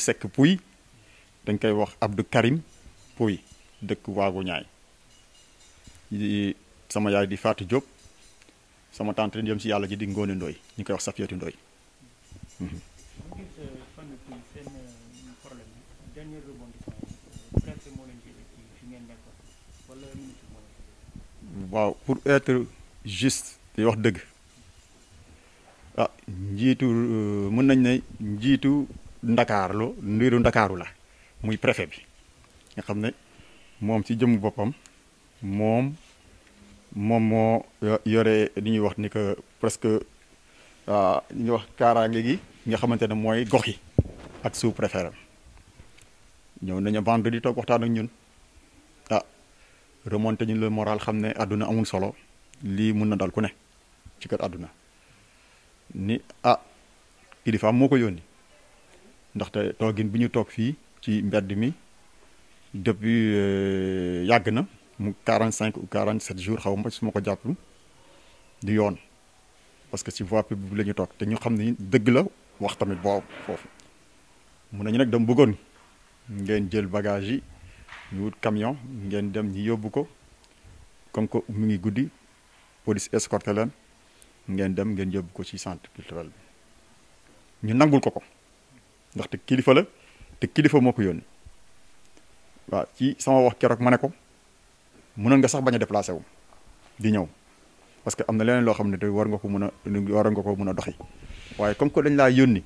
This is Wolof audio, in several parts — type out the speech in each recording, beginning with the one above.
Seck Pouy dañ koy wax Abdou Karim Pouy dëkk waagu ñaay sama yaay di Fatou Diop sama tante dem si yàlla ji di Ngone Ndoy ñu koy wax Safiatu Ndoy mhm. waaw pour être juste te wax dëgg ah, njiitu euh, mën nañ ne njiitu ndakaar lu ndiiru ndakaaru la muy préfet bi nga xam ne moom ci jëmm boppam moom moom moo yore li ñuy wax ni que presque ah, li ñuy wax kaaraange gi nga xamante ne mooy gox yi ak su préfet am ñëw nañu vendredi toog ak ñun ah remonté ñu le moral xam ne àdduna amul solo lii mun na dal ku ne ci kër àdduna ni ah kilifaam moo ko yónni ndaxte toogin bi ñu toog fii ci mbedd mi depuis euh, yàgg na mu 45 ou 47 jours xaw ma su ma ko jàpp du yoon parce que si voie publique la ñu toog te ñu xam ne dëgg la wax tamit boobu foofu. mun nañu nag dama bëggoon ngeen jël bagage yi ñu wut camion ngeen dem ñi yóbbu ko comme que mu ngi guddi police escorté leen ngeen dem ngeen yóbbu ko ci centre culturel bi ñu nangul ko ko. ndaxte kilifa la te kilifa moo ko yónni waaw ci sama wax keroog ma ne ko mënoon nga sax bañ a wu di ñëw parce que am na leneen loo xam ne te war nga ko mën a war nga ko mën a doxi waaye comme que dañ laa yónni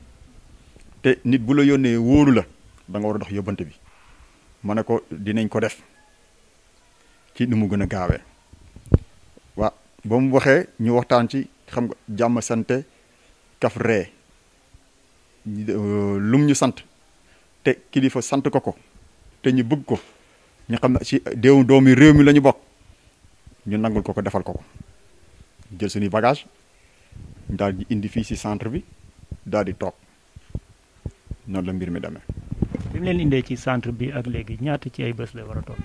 te nit bu la yónnee wóolu la da nga war a dox yóbbante bi ma ne ko dinañ ko def ci nu mu gën a gaawee waa ba mu waxee ñu waxtaan ci xam nga jàmm sante kaf ree Euh, lum ñu sant te kilifa sant ko ko te ñu bëgg ko ñu xam ne ci déew doomi réew mi la bokk ñu nangul ko ko defal ko ko jël suñuy bagage daal di indi fii si centre bi daal di toog noonu la mbir mi demee. bi leen indee ci centre bi ak léegi ñaata ci ay bés la war a toog.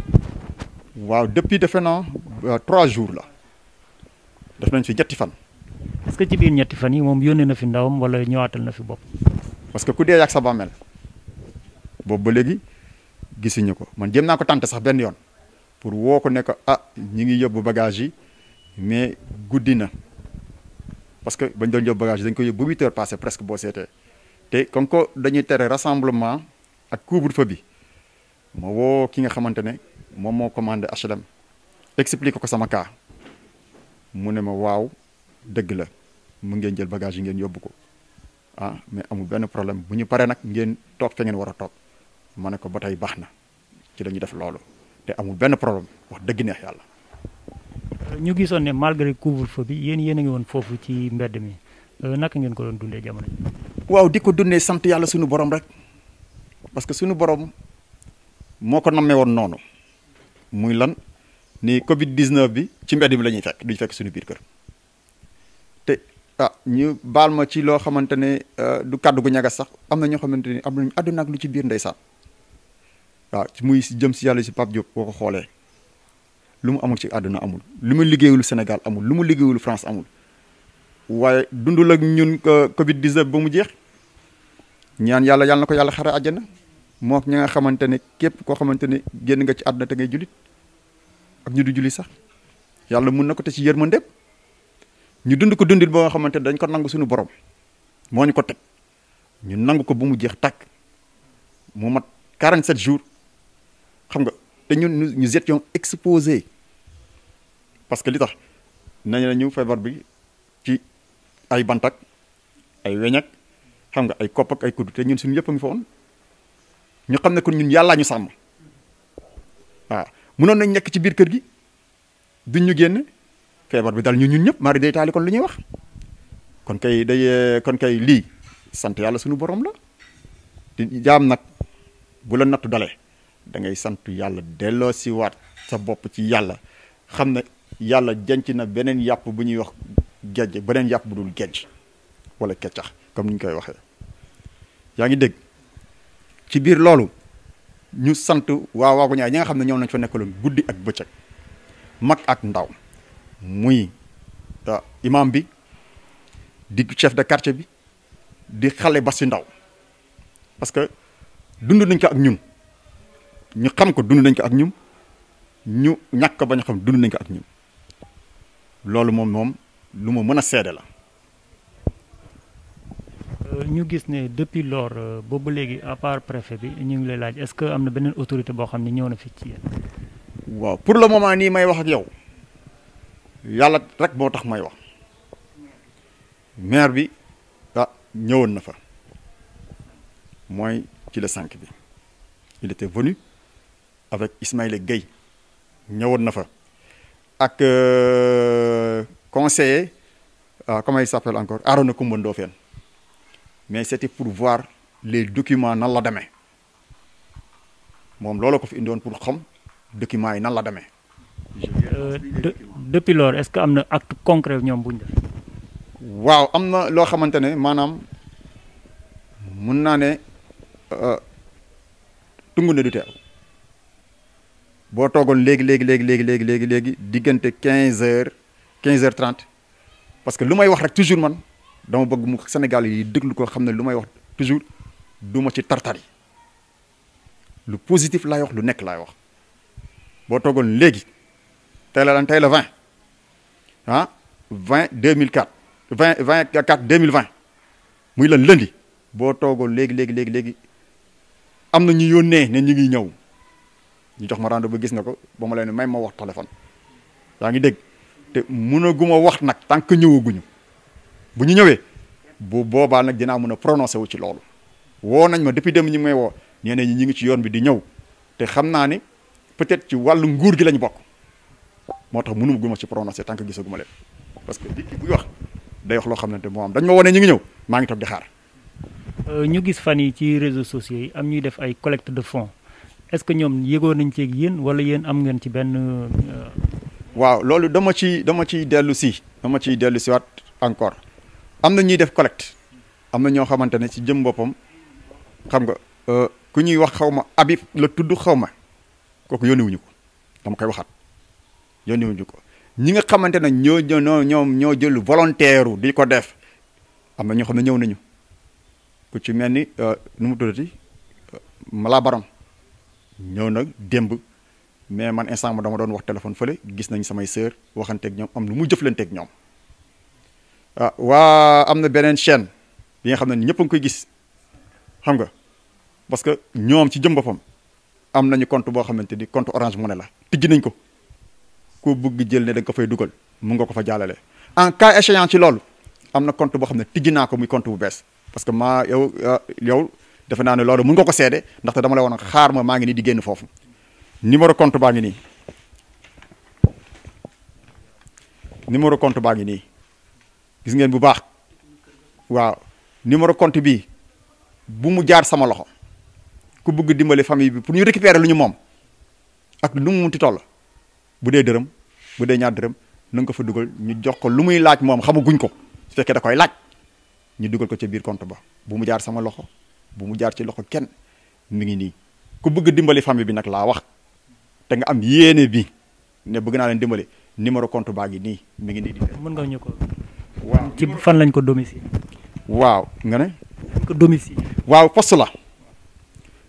waaw depuis defe naa euh, trois jours la def nañ fi ñetti fan. est que ci biir ñetti fan yi moom yónnee na fi ndawam wala ñëwaatal na fi bopp. parce que ku dee yàgg sa bàmmeel boobu ba léegi gisuñu ko man jëm naa ko tànte sax benn yoon pour woo ko nekk ah ñu ngi yóbbu bagage yi mais guddi na parce que bañ doon yóbbu bagage dañ ko yóbbu ba huit heures passé presque boo seetee te comme que dañuy tere rassemblement ak couvre bi ma woo ki nga xamante ne moom moo commandé HLM expliqué ko sama cas mu ne ma waaw dëgg la mu ngeen jël bagage yi ngeen yóbbu ko ah mais amul benn problème bu ñu paree nag ngeen toog fa ngeen war a toog ma ne ko ba tey baax na ci lañuy def loolu te amul benn problème wax dëgg neex yàlla. ñu gisoon ne malgré couvre-feu bi yéen yéen a ngi woon foofu ci mbedd mi euh, naka ngeen ko doon dundee jamono waaw di ko dundee sant yàlla suñu borom rek parce que suñu borom moo ko nammee woon noonu muy lan ni Covid 19 bi ci mbedd mi la ñuy fekk duñ fekk suñu biir kër. ah ñu baal ma ci loo xamante ne euh, du kàddu gu ñagas sax am na ñoo xamante ni am nañu àdduna ak lu ci biir ndeysaan waaw ah, muy jëm si yàlla si Pape Diop boo ko xoolee lu mu amul ci àdduna amul lu mu liggéeyul Sénégal amul lu mu liggéeyul France amul waaye dundul ak ñun euh, Covid 19 ba mu jeex ñaan yàlla yàlla na ko yàlla xare ajana moo ñi nga xamante ne képp koo xamante ne génn nga ci àdduna te ngay julit ak ñu du julli sax yàlla mun na ko te ci yërmandeem ñu dund ko dundin boo nga xamante dañ ko nangu suñu borom moo ñu ko teg ñu nangu ko ba mu jeex takk mu mat 47 jours xam nga te ñun nous nous étions exposés parce que li tax nañ la ñu feebar bi ci ay bantak ay weñak xam nga ay kopp ak ay kudd te ñun suñu yëpp a ngi fa woon ñu xam ne ko ñun yàllaa ñu sàmm waaw mënoon nañ nekk ci biir kër gi duñ ñu génn. feebar bi dal ñu ñun ñëpp mari day taali kon lu ñuy wax kon kay day kon kay lii sant yàlla suñu borom la di jaam nag bu la nattu dalee da ngay sant yàlla delloo si waat sa bopp ci yàlla xam ne yàlla jenc na beneen yàpp bu ñuy wax gejj beneen yàpp bu dul gejj wala keccax comme ni ñu koy waxee yaa ngi dégg ci biir loolu ñu sant waa waagu ñaay ñi nga xam ne ñoom lañ fa nekkaloon guddi ak bëccëg mag ak ndaw muy euh, imam bi di chef de quartier bi di xale ba si ndaw parce que dund nañ ko ak ñun ñu xam ko dund nañ ko ak ñun ñu ñàkk ko bañ xam dund nañ ko ak ñun loolu moom moom lu ma mën a seede la. Euh, ñu gis ne depuis lors euh, boobu léegi à part préfet bi ñu ngi lay laaj est-ce que am na beneen autorité boo xam ne ñëw na fi ci yéen. waaw pour le moment nii may wax ak yow. yàlla rek moo tax may wax maire bi ah ñëwoon na fa mooy ci la sànq bi il était venu avec Ismaïla Gueye ñëwoon na fa ak euh, conseiller ah comment il s'appelle encore Arona Coumba Ndoffène mais c'était pour voir les documents nan la demee moom loolu ko fi indoon pour xam documents yi nan la demee. Euh, depuis lors est-ce que am na acte concret ñoom bu ñu waaw am na loo xamante ne maanaam mun naa ne euh, tungu ne du teew boo toogoon léegi léegi léegi léegi léegi léegi léegi diggante quinze heures quinze heures trente parce que lu may wax rek toujours man dama bëgg mu Sénégal yi déglu ko xam ne lu may wax toujours du ma ci tartari lu positif lay wax lu nekk laay wax boo toogoon léegi tey la lan vingt Ah, mille vingt 20 2004 20 24 2020 muy lan lundi boo toogoon léegi léegi léegi léegi am na ñu yónnee ne ñu ngi ñëw ñu jox ma rendez-vous ba gis nga ko ba ma leen may ma wax téléphone yaa ngi dégg te mënaguma wax nag tant que ñëwaguñu bu ñu ñëwee bu boobaa nag dinaa mën a prononcé wu ci loolu woo nañ ma depuis dem ñi ngi may woo nee na ñi ngi ci yoon bi di ñëw te xam naa ni peut-être ci wàllu nguur gi lañ bokk moo tax mënu guma ci prononcé tant que gisaguma leen parce que nit ki buy wax day wax loo xam ne moo am dañ ma wane ñu ngi ñëw maa ngi toog di xaar. Euh, ñu gis fan yi ci réseaux sociaux yi am ñuy def ay collecte de fonds est-ce que ñoom yëgoon nañ ci ak yéen wala yéen am ngeen ci benn. Euh, waaw loolu dama ci dama ciy dellu si dama ciy dellu si waat encore am na ñuy def collecte am na ñoo xamante ne ci jëm boppam xam nga euh, ku ñuy wax xaw ma abi la tudd xaw ma kooku yónni wuñu yónni wuñu ko ñi nga xamante ne ñoo ñoo ñoom ñoo jël volontaire di ko def am na ñoo xam ne ñëw nañu ku ci mel ni euh, nu mu tuddati euh, Mala Barom ñëw nag démb mais man instant ma dama doon wax téléphone fële gis nañ samay sœur waxanteeg ñoom am nu mu jëflanteeg ñoom ah waa am na beneen chaine bi nga xam ne ñëpp a ngi koy gis xam nga parce que ñoom ci jëm boppam am nañu compte boo xamante ni compte Orange ne la tijji nañ ko. koo bëgg jël ne da nga ko fay dugal mun nga ko fa jàllale en cas échéant ci loolu am na compte boo xam ne tijji naa ko muy compte bu bees parce que maa yow euh, yow defe naa ne loolu mun nga ko seede ndaxte dama la woon xaar ma maa ngi nii di génn foofu numéro compte baa ngi nii numéro compte baa ngi gis ngeen bu baax waaw numéro compte bi bu mu jaar sama loxo ku bëgg dimbali famille bi pour ñu récupérer lu ñu moom ak lu mu munti toll bu dee dërëm bu dee ñaar dërëm na ko fa dugal ñu jox ko lu muy laaj moom xamaguñ ko su fekkee da koy laaj ñu dugal ko ca biir compte ba bu mu jaar sama loxo bu mu jaar ci loxo kenn mu ngi nii ku bëgg dimbali famille bi nag laa wax te nga am yéene bi ne bëgg naa leen dimbali numéro compte baa ngi nii mi ngi nii mën nga ñu ko waaw ci fan lañ ko domicile waaw nga ne ko domicile waaw poste la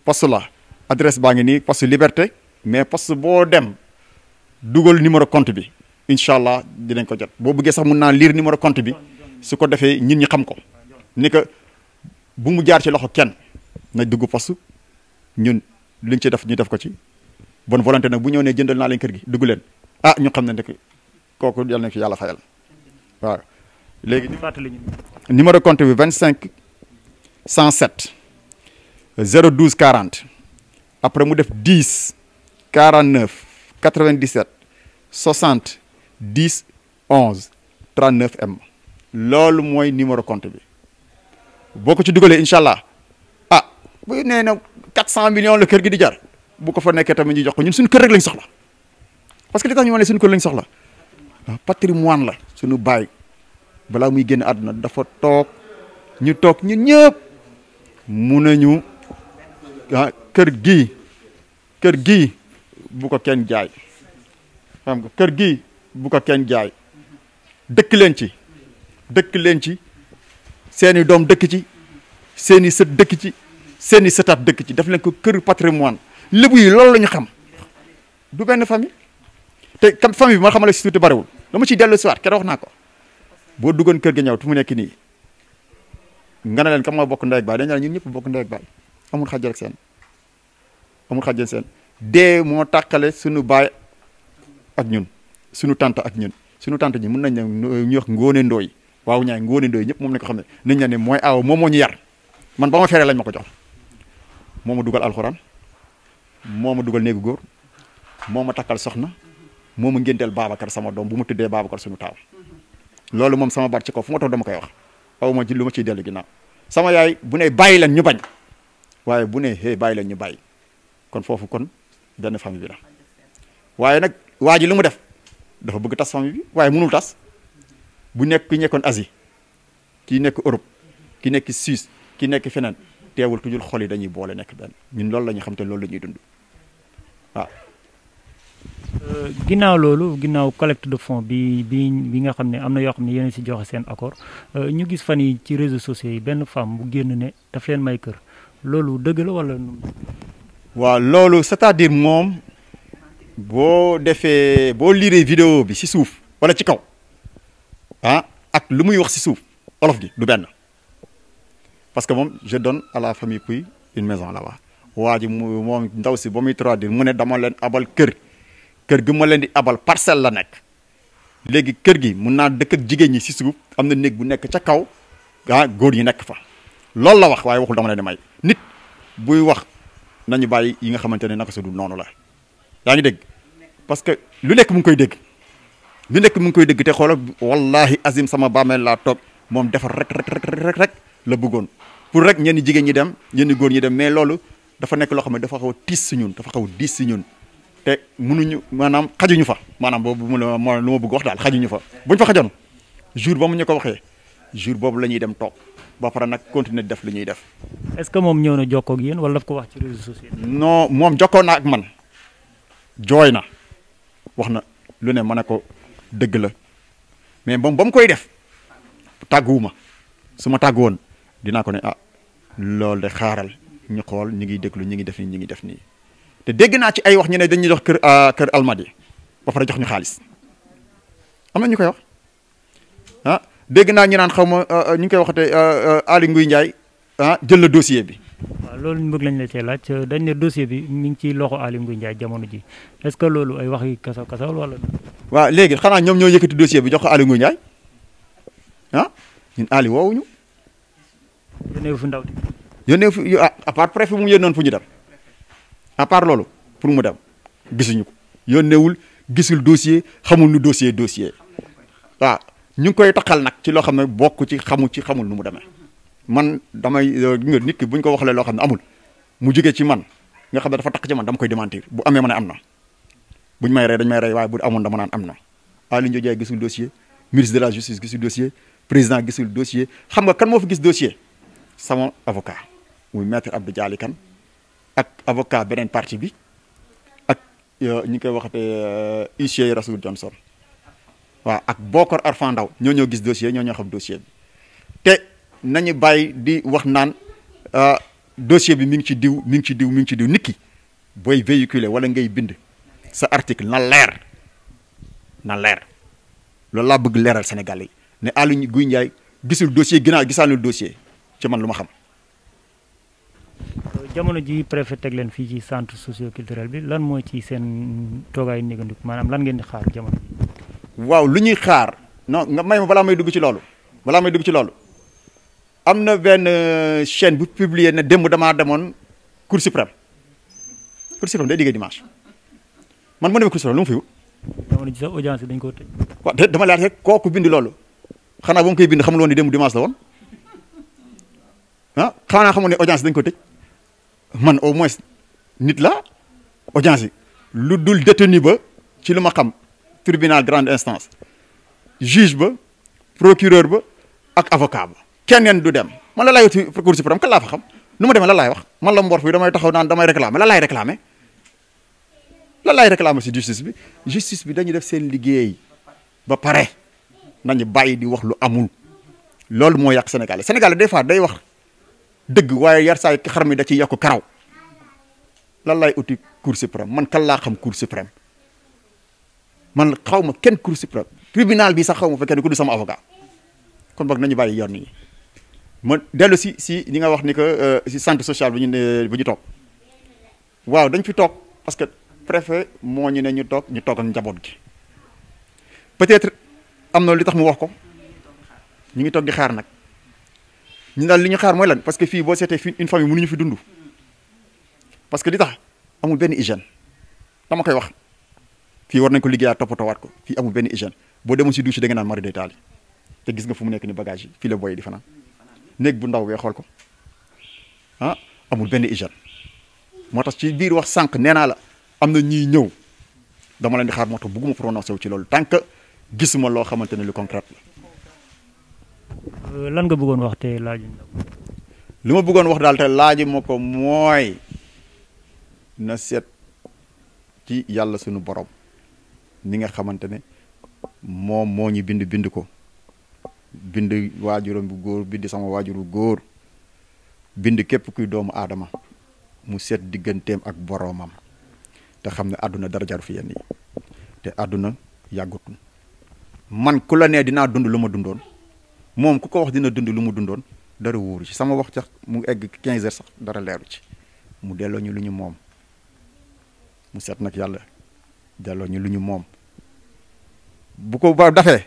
poste la adresse baa ngi nii poste liberté mais poste boo dem dugal numéro compte bi incha allah dinañ ko jot boo buggee sax mun naa liir numéro compte bi su ko defee ñit ñi xam ko ni que bu mu jaar ci loxo kenn na dugg poste ñun liñ ci def ñu def ko ci bonne volonté nag bu ñëw ne jëndal naa leen kër gi dugg leen ah ñu xam ne ndek kooku yal na fi yàlla fayal waaw léegi numéro compte bi vingt cinq 25 107 012 40 après mu def 10 49 97 60 10 11 39 M loolu mooy numéro compte bi boo ko ci dugalee incha allah ah bu nee na 400 millions la kër gi di jar bu ko fa nekkee tamit ñu jox ko ñun suñu kër rek lañ soxla parce que li tax ñu ma ne suñu kër lañ soxla ah, patrimoine la suñu baay balaa muy génn àdduna dafa toog ñu toog ñun ñëpp mun nañu ah kër gi kër gi bu ko kenn jaay xam nga kër gi bu ko kenn jaay dëkk leen ci dëkk leen ci seeni doom dëkk ci seeni sët dëkk ci seeni sëtaat dëkk ci daf leen ko kër patrimoine lébu yi loolu la ñu xam du benn famille te kam famille bi ma xamal la si tuuti bariwul dama ciy dellu si waat keroog naa ko boo duggoon kër gi ñëw tu mu nekk nii nga na leen kam moo bokk ndey ak baay dañ naan ñun ñëpp bokk ndey ak baay amul xàjjal ak seen amul xaj seen. dee moo tàqale suñu baay ak ñun sunu tant ak ñun sunu tant ñi mën nañ ne ñu wax ngoone ndooy waaw ñaay ngóone ndooy ñëpp moom lañ ko xam ne nañ la ne mooy aaw moom moo ñu yar man ba ma feree lañ ma ko jox moom ma dugal alxuraan moo ma dugal néegu góor moo ma takkal soxna moo ma ngénteel Babacar sama doom bu ma tuddee Babacar suñu taaw loolu moom sama baat ci kaw fu ma toog dama koy wax aw ma ci lu ma ciy dellu gi ginnaaw sama yaay bu ne bàyyi leen ñu bañ waaye bu ne bàyyi leen ñu bàyyi kon foofu kon benn famille bi la waaye nag waa ji lu mu def dafa bëgg tas famille bi waaye mënul tas bu nekk ki nekkoon Asie ki nekk Europe ki nekk Suisse ki nekk feneen teewul toujours xol yi dañuy boole nekk benn ñun loolu la ñu xam te loolu la ñuy dund waaw. Euh, ginnaaw loolu ginnaaw collecte de fonds bi bi bi nga xam ne am na yoo xam ne yéen si joxe seen accord euh, ñu gis fan yi ci réseaux sociaux yi benn femme bu génn ne daf leen may kër loolu dëgg la wala. waaw loolu cest à moom boo defee boo liiree vidéo bi si suuf walla ci kaw ah ak lu muy wax si suuf olof gi du benn parce que moom je donne à la famille Pouye une maison là waa ji mu moom ndaw si ba muy traduire mu ne dama leen abal kër kër gi ma leen di abal parcelle la nekk léegi kër gi mun naa dëkk jigéen ñi si suuf am na néeg bu nekk ca kaw ah góor ñi nekk fa loolu la wax waaye waxul dama leen di may nit buy wax nañu bàyyi yi nga xamante ne naka su dul noonu la yaa ngi dégg parce que lu nekk mu koy dégg lu nekk mu ngi koy dégg te xoolal wallahi azim sama bàmmeel laa toog moom defar rek rek rek la bëggoon pour rek ñenn jigéen ñi dem ñenn góor ñi dem mais loolu dafa nekk loo xam ne dafa xaw a tiis si ñun dafa xaw a diis si ñun te mënuñu maanaam xajuñu fa maanaam boobu mu la ma lu ma bëgg wax daal xajuñu fa buñ fa xajoon jour ba mu ñu ko waxee jour boobu la ñuy dem toog ba pare nag continuer def lu ñuy def. est-ce que moom ñëw na jokkoo ak yéen wala daf ko wax ci réseaux sociaux. non moom jokkoo na ak man jooy na wax na lu ne ma ne ko dëgg la mais moom ba mu koy def tàgguwuma su ma tàggu woon dinaa ko ne ah loolu de xaaral ñu xool ñu ngi déglu ñu ngi def ñu ngi def nii te dégg naa ci ay wax ñu ne dañuy jox kër ah, kër almadi ba pare jox ñu xaalis am na ñu koy wax ah, dégg naa ñu naan xaw ma euh, euh, ñu ngi koy waxatee euh, Aly Ngouille Ndiaye ah jël la dossier bi. waaw loolu ñu bëgg lañ la cee laaj dañ ne dossier bi mi ngi ci loxo Aly Ngouille Ndiaye jamono ji est-ce que loolu ay wax yi kasaw kasaw wala. waaw léegi xanaa ñoom ñoo yëkkati dossier bi jox ko Aly Ngouille Ndiaye ah ñun Aly woowuñu. yónnee fu ndaw yónnee fu ah, à part préfet mu yónnoon fu ñu dem à part loolu pour mu dem gisuñu ko yónneewul gisul dossier xamul nu dossier dossier waaw. ñu ngi koy takkal nag ci loo xam ne bokk ci xamu ci xamul nu mu demee man damay euh, nga nit ki bu ñu ko waxalee loo xam ne amul mu jógee ci man nga xam ne dafa takk ci man dama koy démentir bu amee ma am na bu ñu may rey dañ may rey waaye bu amoon dama naan am na Aly Ngouille Ndiaye gisul dossier ministre de la justice gisul dossier président gisul dossier xam nga kan moo fi gis dossier sama avocat mu maître Abdou Dialy Kane ak avocat beneen parti bi ak euh, ñu koy waxatee euh, huissier Rasoul Johnson waaw ak Bokar Arfan Ndao ñoo ñoo gis dossier ñoo ñoo xam dossier bi te nañu bàyyi di wax naan euh, dossier bi mi ngi ci diw mi ngi ci diw mi ngi ci diw nit booy véhiculer wala ngay bind sa article na leer na leer loolu laa bëgg leeral Sénégal yi ne Aly guy Ndiaye gisul dossier ginnaaw gisaalul dossier ci man lu ma xam. jamono ji préfet teg leen fii ci centre socio culturel bi lan mooy ci seen toogaayu négandiku maanaam lan ngeen di xaar jamono waaw lu ñuy xaar non nga may balaa may dugg ci loolu balaa may dugg ci loolu am na benn euh, chaine bu publier na démb damaa demoon Cour suprême Cour suprême day liggéey dimanche man ma demee Cour suprême lu mu fi wut. jamono ji sax audience dañ koo tëj. waaw dama laaj rek kooku bind loolu xanaa ba mu koy bind xamul woon ni démb dimanche la woon ah xanaa xamul ne audience dañ ko tëj man au moins nit la audience lu dul détenu ba ci lu ma xam. tribunal grande instance juge ba procureur ba ak avocat ba keneen du dem man la laay wuti cour xam nu ma demee la laay wax man la mbor fii damay taxaw naan damay réclamer la laay réclamer la laay réclamer si justice bi justice bi dañu def seen liggéey ba pare nañu bàyyi di wax lu amul loolu mooy yàq Sénégal Sénégal des fois day wax dëgg waaye yar saay xar mi da ciy yokk karaw lan laay uti cour suprême man kan laa xam cour suprême man xaw ma kenn cour suprême tribunal bi sax xaw ma fa kenn ku du sama avocat kon boog nañu bàyyi yoon yi ma dellu si si li nga wax ni que euh, si centre sociale bi ñu ne bu ñu toog waaw dañ fi toog parce que préfet moo ñu ne ñu toog ñu toog ak njaboot gi peut-être am na lu tax mu wax ko ñu ngi toog di xaar nag ñu daal li ñu xaar mooy lan parce que fii boo seetee fii une famille ñu fi dundu parce que li tax amul benn hygiène dama koy wax. fii war nañ ko liggéeyaat toppatoowaat ko fii amul benn hygiène boo demoon si douche da nga naan mari day taali te gis nga fu mu nekk ni bagage yi fii la boy di fanaan néeg bu ndaw bee xool ko ah, amul benn hygiène moo tax ci biir wax sànq nee naa la am na ñuy ñëw dama leen di xaar moo tax bugguma prononcé sew ci loolu tant que gisuma loo xamante ne lu concret la. Euh, lan nga bëggoon wax te laaj li ma bëggoon wax daal te laaj ma ko mooy na seet ci yàlla sunu borom. ni nga xamante ne moom moo ñu bind bind ko bind waajuram bu góor bind sama waajur bu góor bind képp kuy doomu aadama mu seet digganteem ak boroomam te xam ne àdduna dara jaru fi yenn yi te àdduna yàggatul man ku la nee dinaa dund lu ma dundoon moom ku ko wax dina dund lu mu dundoon dara wóoru ci sama wax sax mu egg quinze heures sax dara leeru ci mu delloo ñu lu ñu moom mu seet nag yàlla delloo ñu lu ñu moom bu ko ba dafee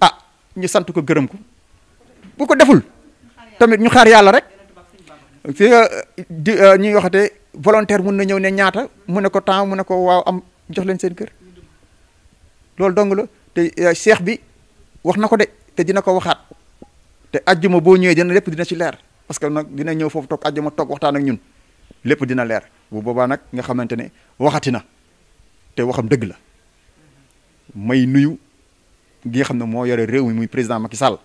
a ah, ñu sant ko gërëm ko bu ko deful tamit ñu xaar yàlla rek fi di euh, ñuy waxate volontaire mun na ñëw ne ñaata mu ne ko temps mu ne ko waaw am jox leen seen kër loolu dong la te euh, cheikh bi wax na ko de te dina ko waxaat te ajjuma boo ñëwee dina lépp dina ci leer parce que nag dina ñëw foofu toog ajjuma toog waxtaan ak ñun lépp dina leer bu boobaa nag nga xamante ne waxati na te waxam dëgg la may nuyu gi xam ne moo yore réew mi muy président Macky Sall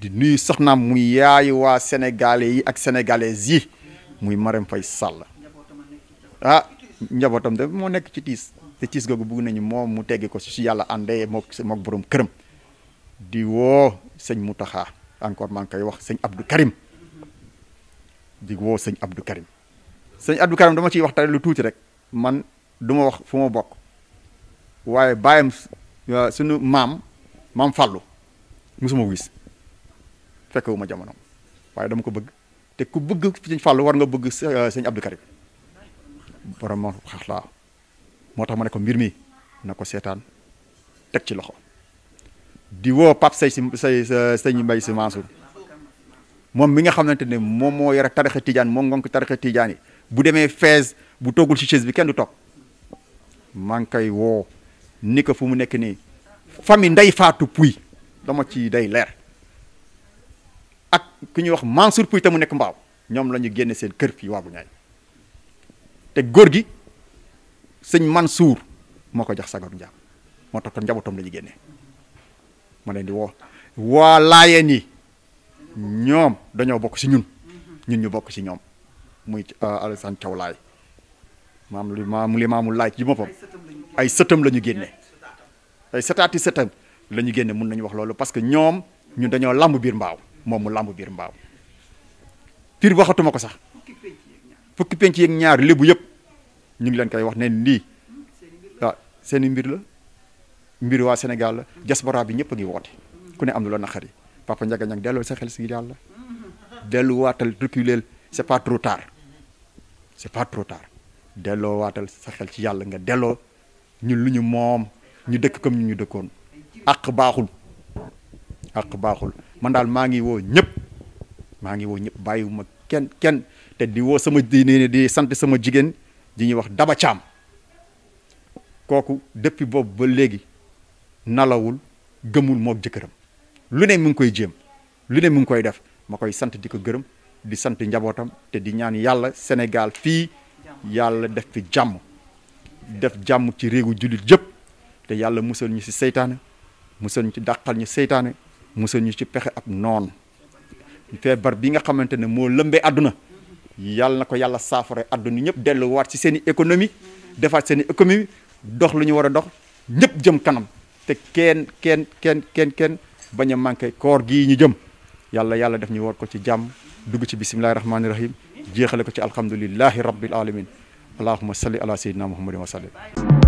di nuyu soxnaam muy yaayu waa sénégalais yi ak sénégalaises yi muy Marème Faye Sall a ah, njabootam de moo nekk ci tiis te tiis googu bugg nañu moom mu teggi ko su yàlla àndee mook mook boroom këram di woo sëñ mu Mountakha encore maa ngi koy wax sëñ Abdou Karim di woo sëñ Abdou Karim sëñ Abdou Karim dama ciy waxtaan lu tuuti rek duma wax fu ma bokk waaye bàyyam euh, suñu maam maam fàllu mosuma ko gis fekkewu jamono waaye dama ko bëgg te ku bëgg sëñ fàllu war nga bëgg euh, sëñ Abdou Karim borom ma xaxlaa moo tax ma ne mbir mi na ko seetaan teg ci loxo di woo Pape say si say sëñ Mbaye si Mansour moom mi nga xamante ne moom moo yore tarixa tijaan moom ngoon ko tarixa tijaan yi bu demee fees bu toggul ci chaise bi kenn du toog maa ngi koy woo ni ko fu mu nekk nii famille Ndeye faatu Pouy dama ci day leer ak ku ñuy wax Mansour Pouy te mu nekk mbaaw ñoom la ñu génne seen kër fii waagu ñaay te góor gi sëñ Mansour moo ko jax sagaru njaam moo tax kon njabootam la ñu génne ma leen di woo waa laayeen yi ñoom dañoo bokk ci ñun ñun ñu bokk ci ñoom muy euh, Alassane Thiaw Laay maam li maam li laaj ci boppam ay sëtam la ñu génne ay sëtaati sëtam la génne mun nañu wax loolu parce que ñoom ñun dañoo làmb biir mbaaw moom mu làmb biir mbaaw piir waxatuma ko sax fukki penc yeeg ñaar lébu yëpp ñu ngi leen koy wax ne lii waaw ah, seen i mbir la mbir waa senegal la diaspora bi ñëpp a ngi woote ku ne am na la naqari papa Ndiaga Niang delloo sa xel si yàlla delluwaatal reculer c'est pas trop tard c'est pas trop tard delloo waatal sa xel ci yàlla nga delloo ñun lu ñu moom ñu dëkk comme ñu ñu dëkkoon àq baaxul àq baaxul man daal maa ngi woo ñëpp maa ngi woo ñëpp bàyyiwuma kenn kenn te di woo sama di di sant sama jigéen di ñuy wax Daba Caam kooku depuis boobu ba léegi nalawul gëmul mook jëkkëram lu ne mu ngi koy jéem lu ne mu ngi koy def ma koy sant di ko gërëm di sant njabootam te di ñaan yàlla Sénégal fii yàlla def fi jàmm def jàmm ci réegu jullit jëpp te yàlla musal ñu si seytaane musal ñu ci dàqal ñu seytaane musal ñu ci pexe ab noon feebar bi nga xamante ne moo lëmbee àdduna yàlla na ko yàlla saafara àdduna ñëpp delluwaat si seen i économie defaat seen i économie dox lu ñu war a dox ñëpp jëm kanam te kenn kenn kenn kenn kenn bañ a manqué koor gi ñu jëm yàlla yàlla def ñu war ko ci jàmm dugg ci bisimilahi rahmaani rahim jeexale ko ci alhamdulillahi rabbil alamin allahuma salli ala sayyidina muhammadin wa sallim